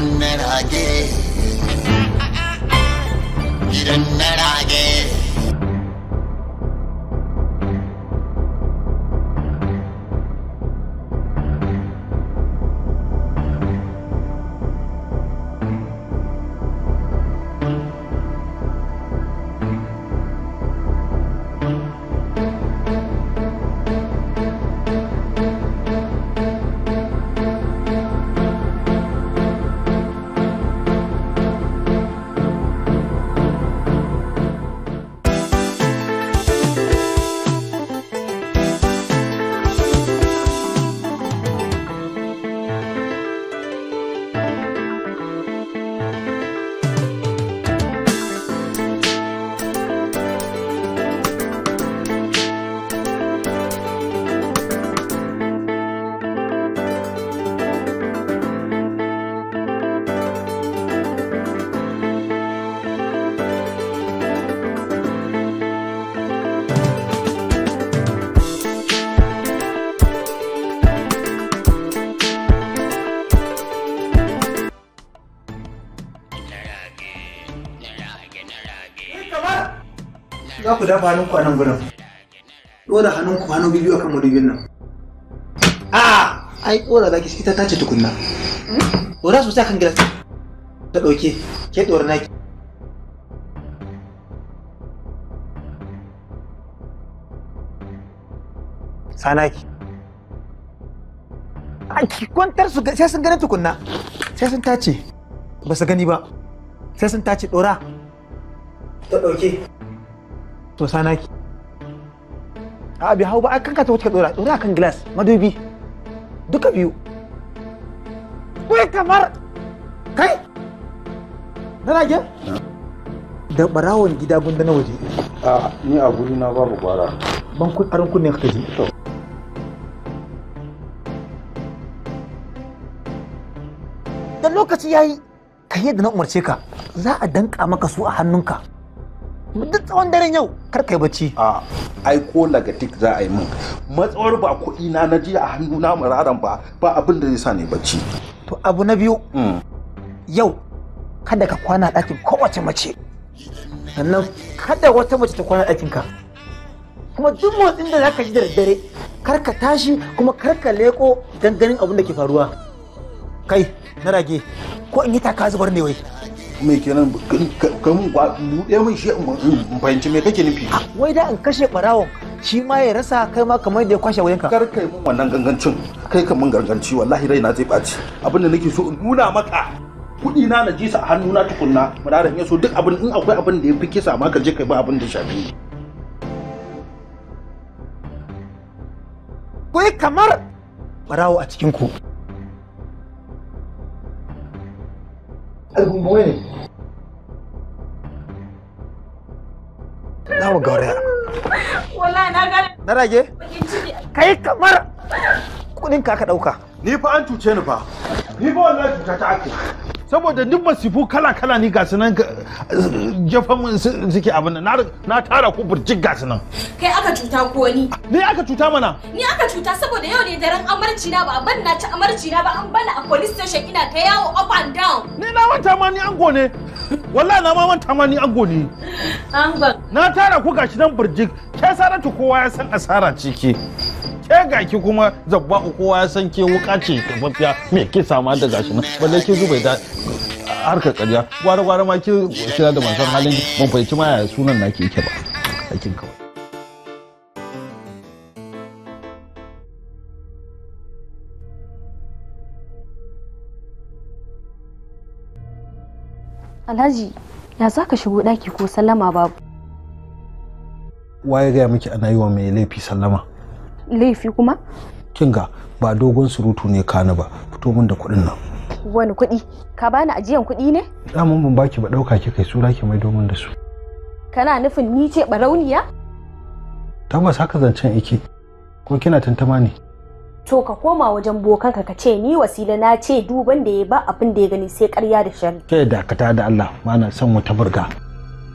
didn't that I You didn't that I get? ku dafa hannun ku a nan gurin dora hannun ku hannun a kan madubin nan Ah! ai dora zaki ita ta ce tukunna dora sosai kan gilas ta ɗauke ke dora naki sanaki ki kwantar su sai sun gani tukunna sai sun tace ba su gani ba sai sun tace dora ta dauke to sana ki a bi hau ba a kanka ta wuce dora dora kan glass madubi duka biyu kai kamar kai na rage da barawon gida gunda na waje a ni a guri na babu gwara. ban kun aran kunne ka ji da lokaci yayi ka yadda na umarce ka za a danka maka su a hannunka duk tsawon daren yau kar kai bacci a ai lagatik za a yi min matsawar ba kuɗi na na ji a hannu na muraran ba ba abin da zai sa ni bacci to abu na biyu hmm. yau kada ka kwana ɗakin kowace mace sannan kada wata mace ta kwana ɗakin ka kuma duk motsin da ka ji da daddare kar ka tashi kuma kar ka leko dan ganin abin da ke faruwa kai na rage ko in yi taka zubar ne wai mai kenan kamun buɗe min shi in fahimci me kake nufi wai da in kashe ɓarawon shi ma ya rasa kai ma kamar da ya kwashe wayanka kar kai mun wannan gangancin kai kamun ganganci wallahi raina zai ɓaci abinda nake so in nuna maka kuɗi na na ji a a hannuna tukunna murara in so duk abin in akwai abin da ya fi kisa ma ka je kai ba abin da shafi kai kamar barawo a cikin ku album boy ne gauraya wallahi na gane na rage kai kamar kudin ka ka dauka ni fa an cuce ni fa ni fa wallahi cuta ta ake saboda duk masifu kala-kala ne gasu nan jefan suke abin nan na tara ku burjik gasu nan kai aka cuta ko ni ni aka cuta mana ni aka cuta saboda yau ne daren amarci na ba ban na ci amarci na ba an bala a police station ina ta yawo up and down ni na wanta ma ni ango ne wallahi na ma wanta ma ni ango ne ango na tara ku gashi nan burjik kai saratu kowa ya san asara ciki ke ga ki kuma zabba kowa ya san ke wuka ce kafafiya me ke sama da gashi nan balle ki zubai da harka karya gwara gwara ma ki shira da ban halin ban fahimci ma sunan naki yake ba aikin kawai Alhaji, ya za ka shigo ɗaki ko sallama babu? Waye gaya miki ana yi wa mai laifi sallama? laifi kuma kinga ba dogon surutu ne kani ba fito min da kuɗin nan wani kuɗi ka bani ajiyan kuɗi ne daman ban baki ba ɗauka ki kai sura ki mai domin da su kana nufin ni ce barauniya tabbas haka zancen yake ko kina tantama ne to ka koma wajen bokanka ka ce ni wasila na ce duban da ya ba abin da ya gani sai karya da shari kai dakata da Allah ba na son wata burga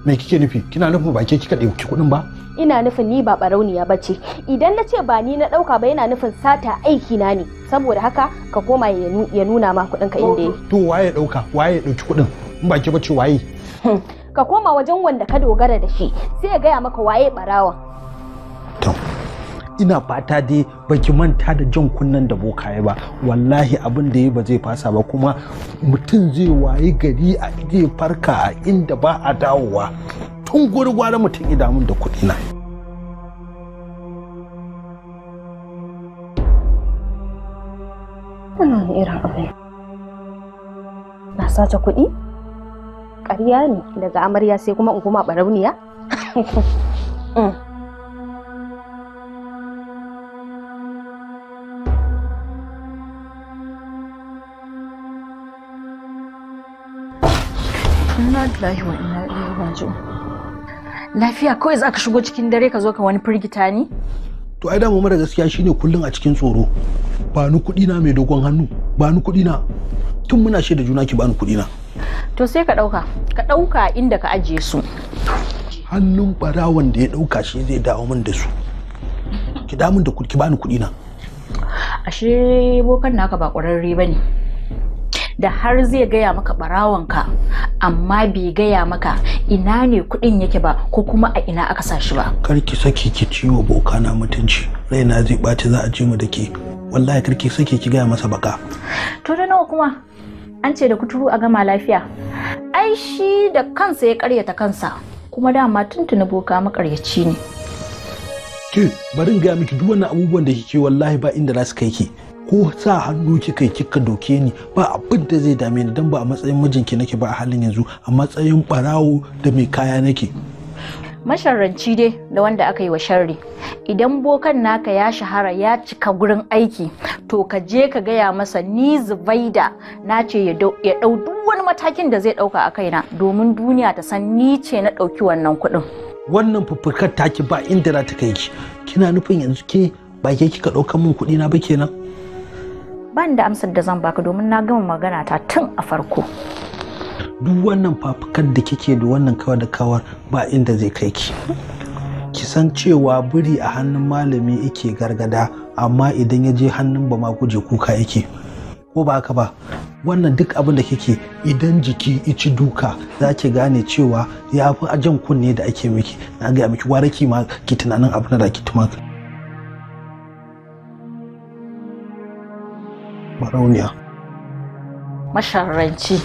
me kike nufi kina nufin ba ke kika ɗauki kuɗin ba ina nufin ni ba barauniya ba ce idan na ce ba ni na dauka ba yana nufin sata aiki na ne saboda haka ka koma ya nuna ma kuɗin ka inda ya to waye dauka waye dauki kuɗin in ba ki bace waye hmm. ka koma wajen wanda ka dogara da shi sai ya gaya maka waye barawon. to ina fata dai ki manta da jan kunnen da boka ya ba wallahi abin da ya ba zai fasa ba kuma mutum zai waye gari a zai farka a inda ba a dawowa tun gwari gwari mutum idanun da kuɗi na. Wannan wani irin abin. Na sace kuɗi? Ƙarya ne daga amarya sai kuma in koma ɓarauniya? Mm. Inna lillahi wa inna ilaihi raji'un. lafiya kawai za ka shigo cikin dare ka zo ka wani firgita ni to ai damu mara gaskiya shine kullum a cikin tsoro ba ni kuɗi na mai dogon hannu ba ni kuɗi na tun muna shaida juna ki ba ni kuɗi na to sai ka ɗauka ka ɗauka inda ka ajiye su hannun ɓarawon da ya ɗauka shi zai dawo min da su ki damun da ki ba ni kuɗi na ashe bokan naka ba ƙwararre ba ne da har zai gaya maka barawanka amma bai gaya maka ina ne kuɗin yake ba ko kuma a ina aka sa shi ba karki saki ki ciwo boka na mutunci raina zai ɓaci za a ji mu da ke wallahi karki saki ki gaya masa baka to da nawa kuma an ce da kuturu a gama lafiya ai shi da kansa ya karyata kansa kuma dama tuntuna boka makaryaci ne ke bari ga miki duk wannan abubuwan da kike wallahi ba inda za su kai ki ko sa hannu kika yi kika doke ni ba abin da zai dame ni dan ba a matsayin mijinki nake ba a halin yanzu a matsayin barawo da mai kaya nake masharranci dai da wanda aka yi wa sharri idan bokan naka ya shahara ya cika gurin aiki to ka je ka gaya masa ni zubaida na ce ya dau duk wani matakin da zai dauka a kaina domin duniya ta san ni ce na dauki wannan kuɗin wannan fufurkar taki ba inda za ta kai ki kina nufin yanzu ke ba ke kika ɗauka min kuɗi na ba kenan ban da amsar da zan baka domin na gama magana ta tun a farko duk wannan fafukar da kike da wannan kawar da kawar ba inda zai kai ki ki san cewa biri a hannun malami yake gargada amma idan ya je hannun ba guje kuka yake ko ba haka ba wannan duk abin da kike idan jiki ici duka za gane cewa ya fi ajan kunne da ake miki na gaya miki ware ma ki tunanin abin da ki tumaka barauniya masharranci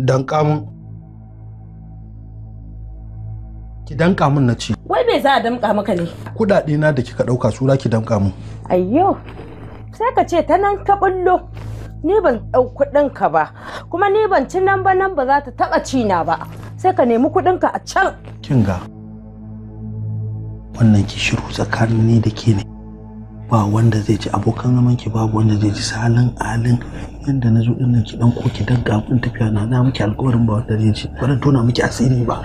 Dan kamun. ki dan kamun na ce wai me za a damka maka ne kudade na da kika dauka sura ki damka mun ayyo sai ka ce ta nan ta bullo ni ban ɗau ka ba kuma ni ban ci nan ba nan ba za ta taɓa cina ba sai ka nemi kuɗinka a can kinga wannan ki shiru tsakanin ni da ke ne ba wanda zai ci abokan zaman ki babu wanda zai ci salin alin yanda na zo dinnan ki dan koki dan tafiya na na miki alƙawarin ba wanda zai ci ba tona miki asiri ba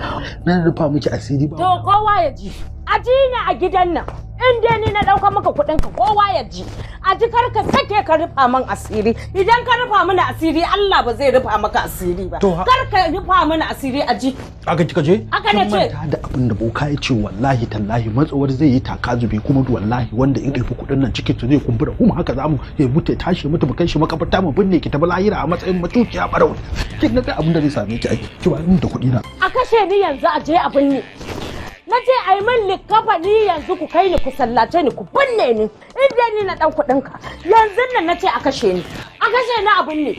na rufa miki asiri ba to kowa ya ji aji ne a gidan nan in dai ni na ɗauka maka kuɗin ka kowa ya ji a ji kar ka sake ka rufa min asiri idan ka rufa mini asiri Allah ba zai rufa maka asiri ba kar ka rufa mini asiri a ji aka kika je aka ne ce da abin da boka ya ce wallahi tallahi matsawar zai yi taka zubi kuma wallahi wanda in ɗaifi kuɗin nan cikin zai kumbura kuma haka za mu ya mutu tashi mutu bakan shi makabarta mu binne ki ta lahira a matsayin matuciya barau kin ga abin da zai same ki ai ki ba da kuɗi na a kashe ni yanzu a je a binne na ce a yi likafa ni yanzu ku kai ni ku sallace ni ku binne ni in dai ni na dan kudin ka yanzu nan na ce a kashe ni a kashe ni abun ne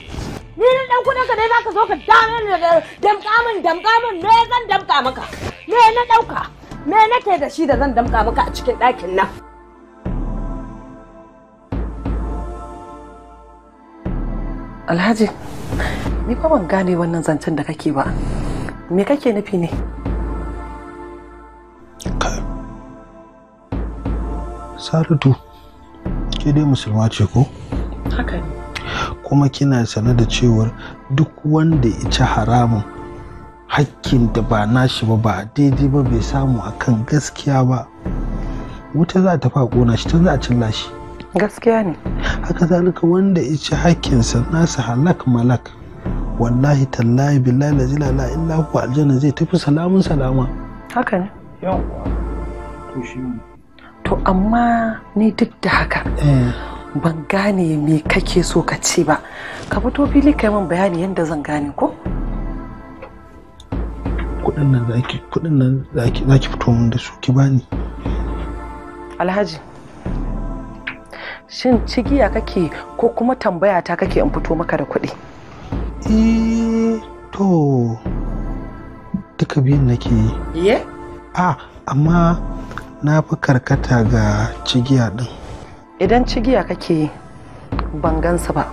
ni na dan kudin ka dai zaka zo ka dame ni da damka min damka min me zan damka maka me na dauka me nake da shi da zan damka maka a cikin ɗakin nan Alhaji, ni fa ban gane wannan zancen da kake ba. Me kake nufi ne? Saratu, ke dai musulma ce ko? Haka ne. Kuma kina sane da cewar duk wanda ya ci haramun hakkin da ba nashi ba ba daidai ba bai samu akan gaskiya ba. Wuta za ta faƙo shi tun za a cilla shi. Gaskiya ne. Haka zalika wanda ya ci hakkinsa nasa halak malak. Wallahi tallahi billahi la ilaha illa aljanna zai tafi salamun salama. Haka ne. yawwa to shi to amma ni duk da haka eh. ban gane me kake so ka ce ba ka fito fili kai min bayani yadda zan gane ko kudin nan zaki kudin nan zaki zaki fito min da su ki bani alhaji shin cigiya kake ko kuma tambaya ta kake in fito maka da kuɗi eh to duka biyan nake yi yeah? a ah, amma na fi karkata ga cigiya din idan cigiya kake ban gansa ba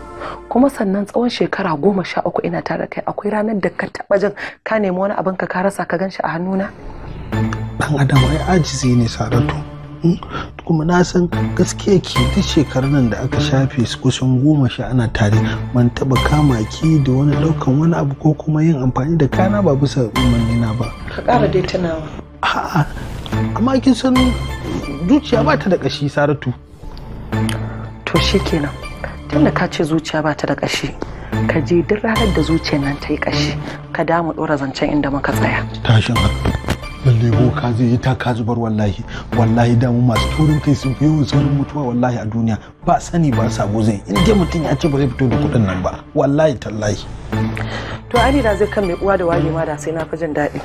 kuma sannan tsawon shekara goma sha uku ina tare kai akwai ranar da ka taba jin ka nemi wani abin ka rasa ka ganshi a hannuna dan adam wai ajizi ne saratu hmm? kuma na san gaskiya ke duk shekarun nan da aka shafe su kusan goma sha ana tare man taba kama ki da wani daukan wani abu ko kuma yin amfani da kana ba bisa umarni ba ka kara dai tunawa amma kin san zuciya ba ta da ƙashi saratu to shi kenan tunda ka ce zuciya ba ta da ƙashi ka je duk ranar da zuciyar nan ta yi ƙashi ka damu ɗora zancen inda muka tsaya tashin lalle ka zai yi ka zubar wallahi wallahi damu masu turin kai sun fi yawan saurin mutuwa wallahi a duniya ba sani ba sabo zai in dai mutum ya ce ba zai fito da kuɗin nan ba wallahi tallahi to ani da zai kan mai uwa da wage ma da sai na fi jin daɗi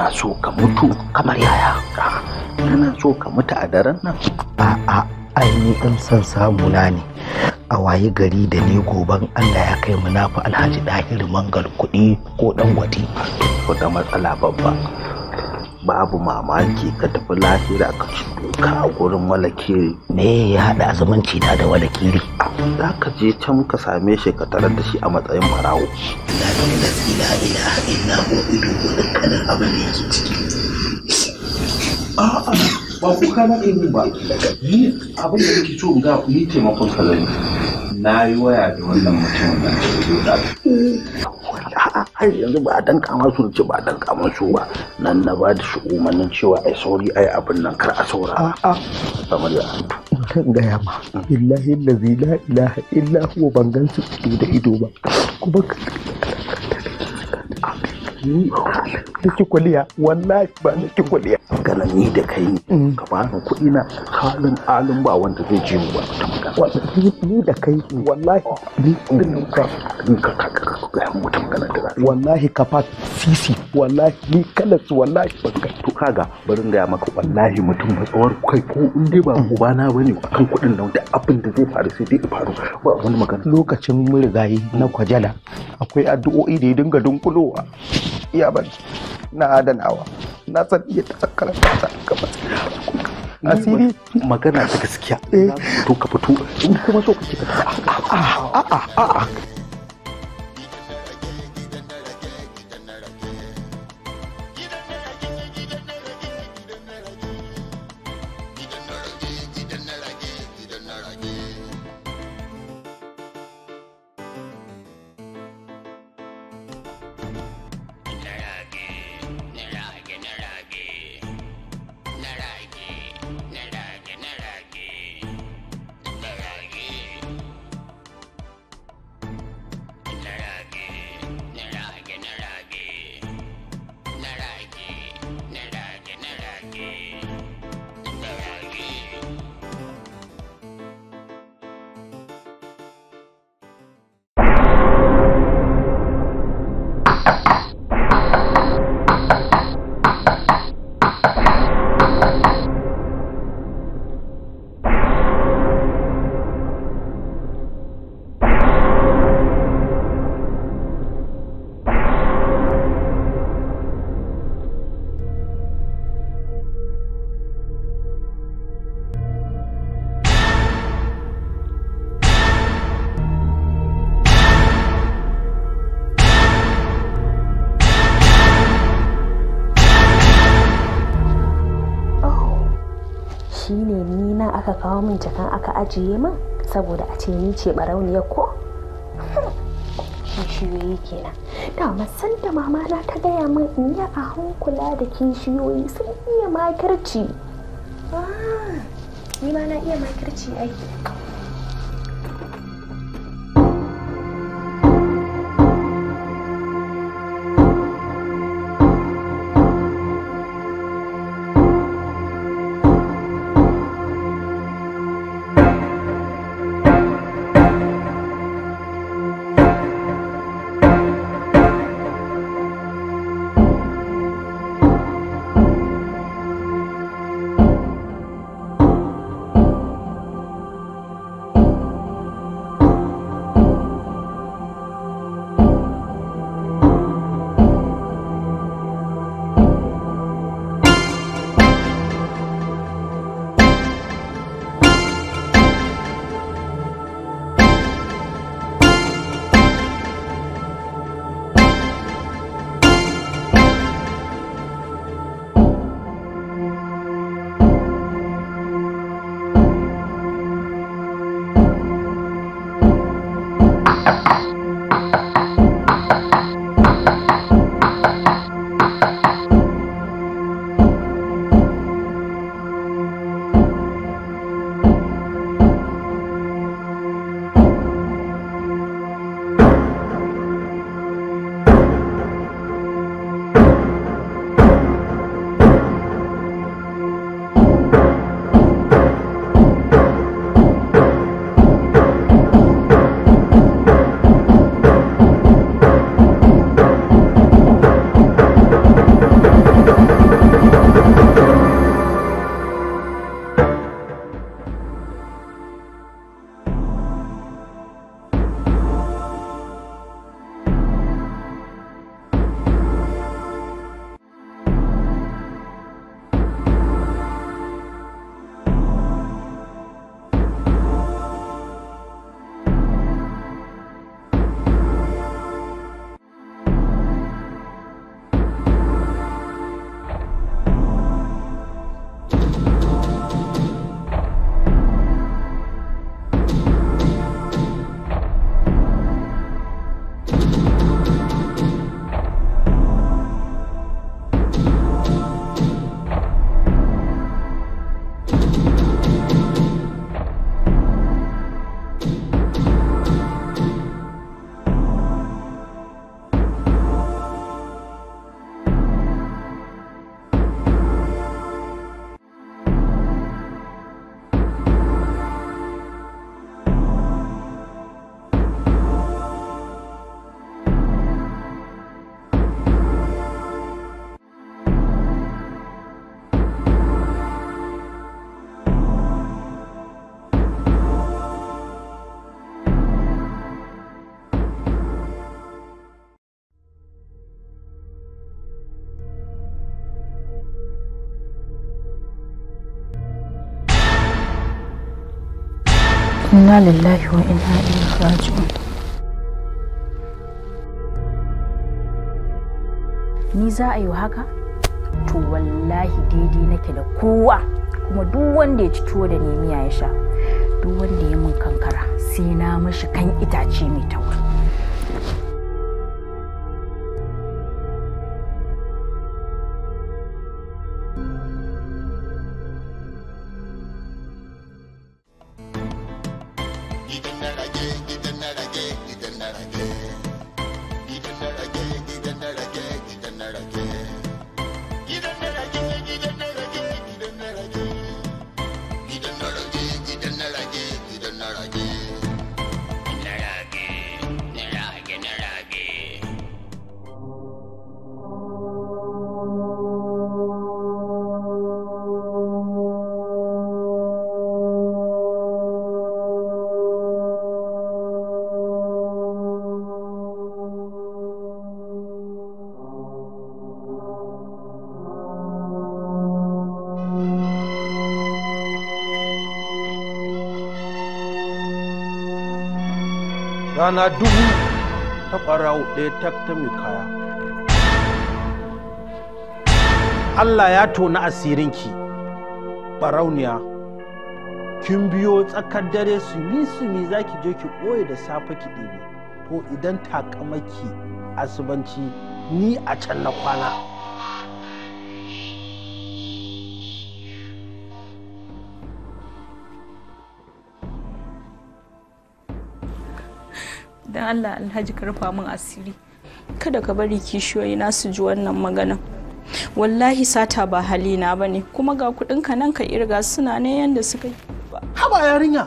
kana so ka mutu kamar yaya kana so ka mutu a daren nan a'a ainihin son samuna ne a waye gari da ne goban allah ya kai mu munafi alhaji ɗahir mangal kuɗi ko ɗan gwati wata matsala babba babu mamaki ka tafi lahira ka ci ka a gurin walakiri me ya haɗa zumunci na da walakiri za ka je can ka same shi ka tarar da shi a matsayin marawo ila ido abin da a'a ba ku kana ne ba ni abin da nake so ga ni taimakon kalani na yi waya da wannan mutum da ke har yanzu ba a danka masu ce ba a danka su ba nan na ba da shi umarnin cewa ai sauri ai abin nan kar a saura a'a kamar ya kan gaya ma billahi allazi la ilaha illa huwa ban gan su da ido ba kuma ni nake kwaliya wallahi ba nake kwaliya magana ni da kai mm. ka ba ni kuɗi na halin alin ba wanda zai ji mu ba magana ni da kai wallahi ni din ka ka ka ka ga mu ta magana da wallahi ka fa sisi wallahi ni kalas wallahi ban ga to kaga barin ga maka wallahi mutum ba tsawar kai ko in dai ba mm. uba na bane kan kuɗin nan da abin da zai faru sai dai faru ba wani magana lokacin murigayi na kwajala akwai addu'o'i da ya dinga dunkulowa iya bari na adanawa na san iya ta karanta ta gaba asiri magana ta gaskiya eh. to ka fito in kuma so ka ka a a a a min jakan aka ajiye min saboda a ce ni ce barauniya ko kishiyoyi kenan da masan da mama na ta gaya min in yi a hankula da kishiyoyi sun iya makirci ah, ni ma na iya makirci aiki inna lillahi wa inna ilaihi raji'un ni za a yi haka to wallahi daidai nake da kowa kuma duk wanda ya ci tuwo da nemiya ya sha duk wanda ya mun kankara sai na mashi kan itace mai tau rana dubu ta ɓarawo ɗaya ta kaya Allah ya tona asirinki barauniya kin biyo tsakar dare su sumi za ki je ki ɓoye da safe ki ɗebe ko idan takamaki asibanci ni a can na kwana don allah alhaji ka rufa min asiri kada ka bari kishiyoyi na su ji wannan magana wallahi sata ba hali na bane kuma ga kudinka nan ka irga suna ne yadda suka yi haba yarinya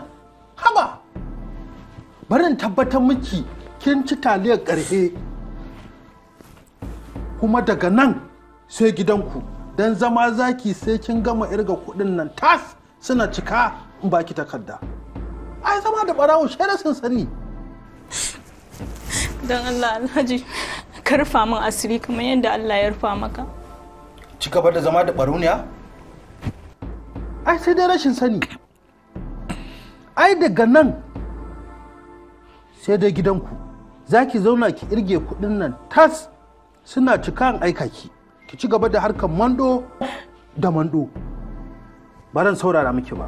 haba barin tabbatar miki kin ci taliyar karhe kuma daga nan sai gidanku don zama zaki sai kin gama irga kudin nan tas suna cika in baki takarda ai zama da barawo shaida sun sani don Allah alhaji ka rufa min asiri kamar yadda Allah ya rufa maka ci gaba da zama da baruniya ai sai dai rashin sani ai daga nan sai dai gidanku za ki zauna ki irge kudin nan tas suna cika an aika ki ki ci gaba da harkar mando da mando ba saurara miki ba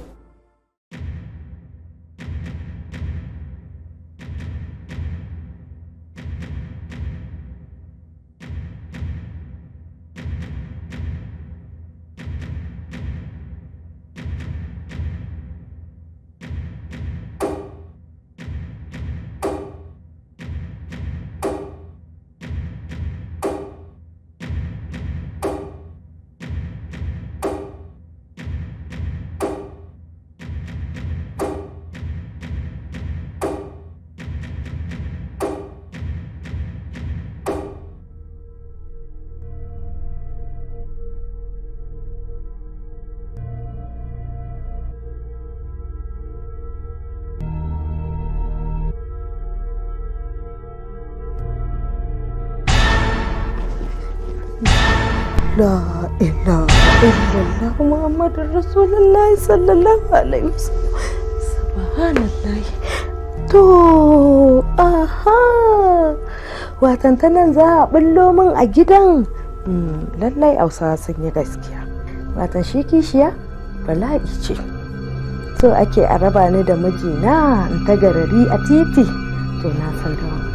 la ilaha illallah muhammadur rasulullahi sallallahu alaihi wasallam subhanallah to aha watan tanan za a bullo min a gidan lallai ausa sun yi gaskiya watan shi kishiya bala'i ce so ake a raba ni da mijina in ta garari a titi to na san da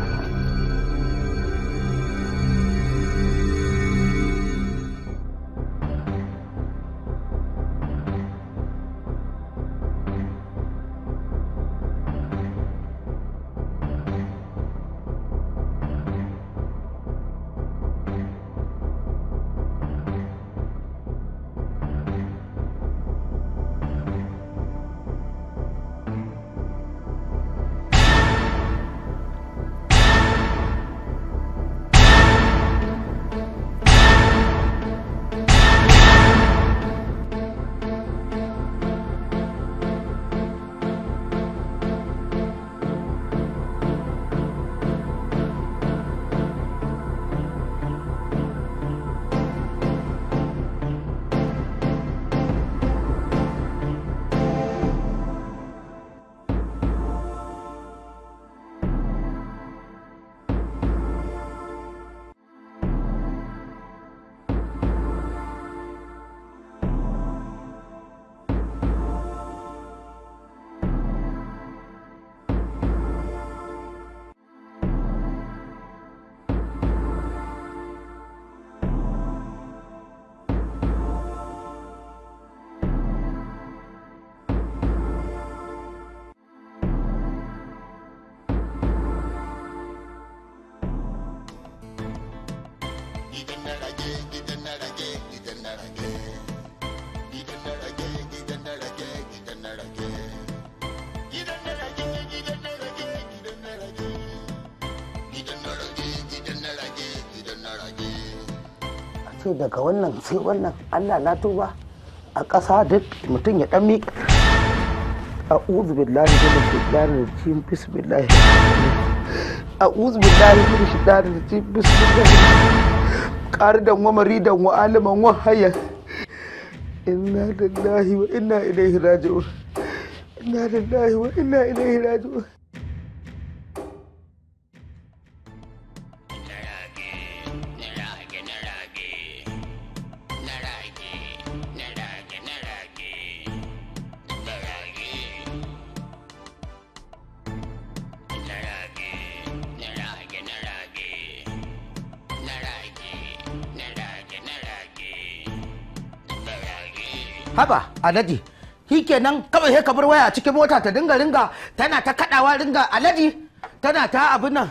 ce daga wannan sai wannan allah na tuba a ƙasa duk mutum ya ɗan miƙa a da a'udhu billahi min shaitanir rajim da a'udhu billahi min shaitanir rajim bismillah qaridan wa maridan wa aliman wa ina inna lillahi wa inna ilaihi raji'un inna lillahi wa inna ilaihi raji'un haba alaji kenan kawai sai ka bar waya cikin mota ta dinga ringa tana ta kadawa ringa alaji tana ta abin nan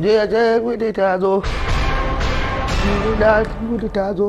je je gudu ta zo gudu ta zo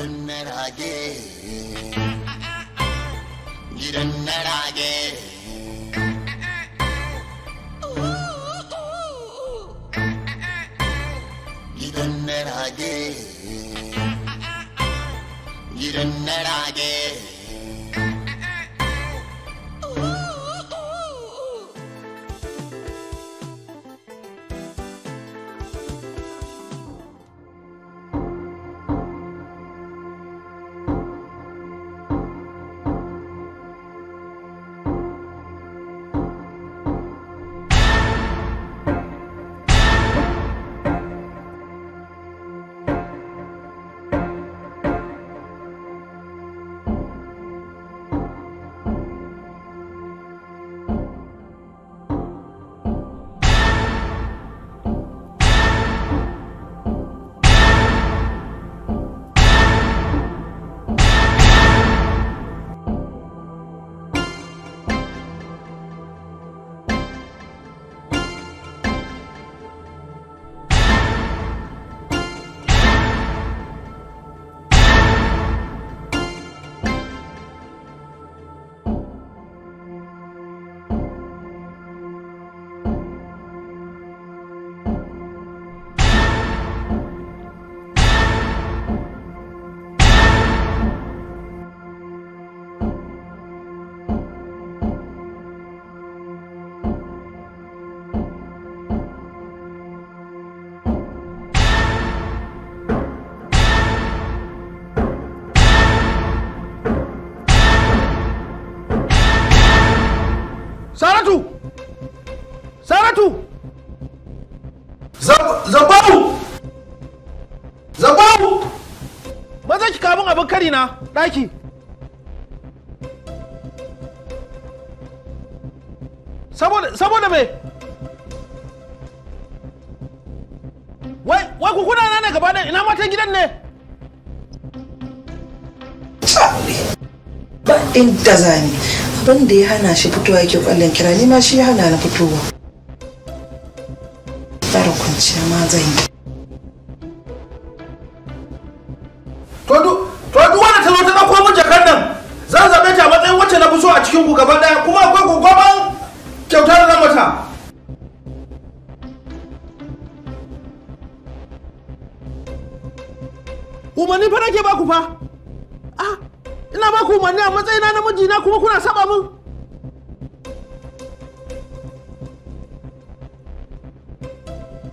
Gidannarage Gidannarage Gidannarage Gidannarage abin kari na ɗaki saboda me wai ku kuna ne gaba da ina matan gidan ne ba inda zani abin da ya hana shi fitowa yake kwallon kira ma shi ya hana na fitowa tsara kwanciya ma zan yi so a cikin ku gaba daya kuma akwai gogoban kyautar da mata umarni fa nake baku fa ah ina baku umarni a matsayina na mijina kuma kuna saba min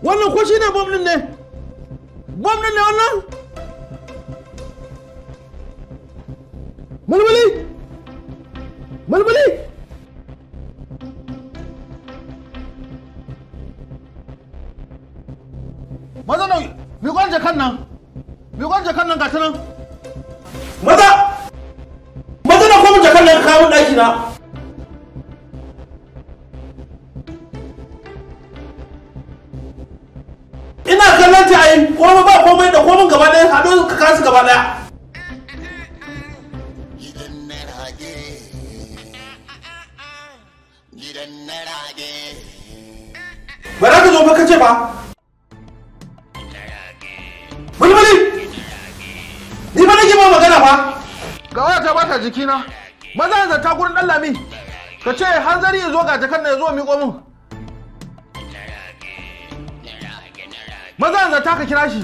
wannan ko shine bom din ne bom din ne wannan mulmuli mulmuli maza nan mi kwan jakan nan mi kwan jakan nan nan maza maza na kwan jakan nan kawo ɗaki na ina kallon ta a yi komai ba komai da komai gaba ɗaya haɗu ka kasu gaba ɗaya ba bali bali ni ba ke ba magana fa ga waya ta bata jikina maza da ta gurin dallami ka ce hanzari ya zo ga jakar na ya zo miƙo min maza da ta ka kira shi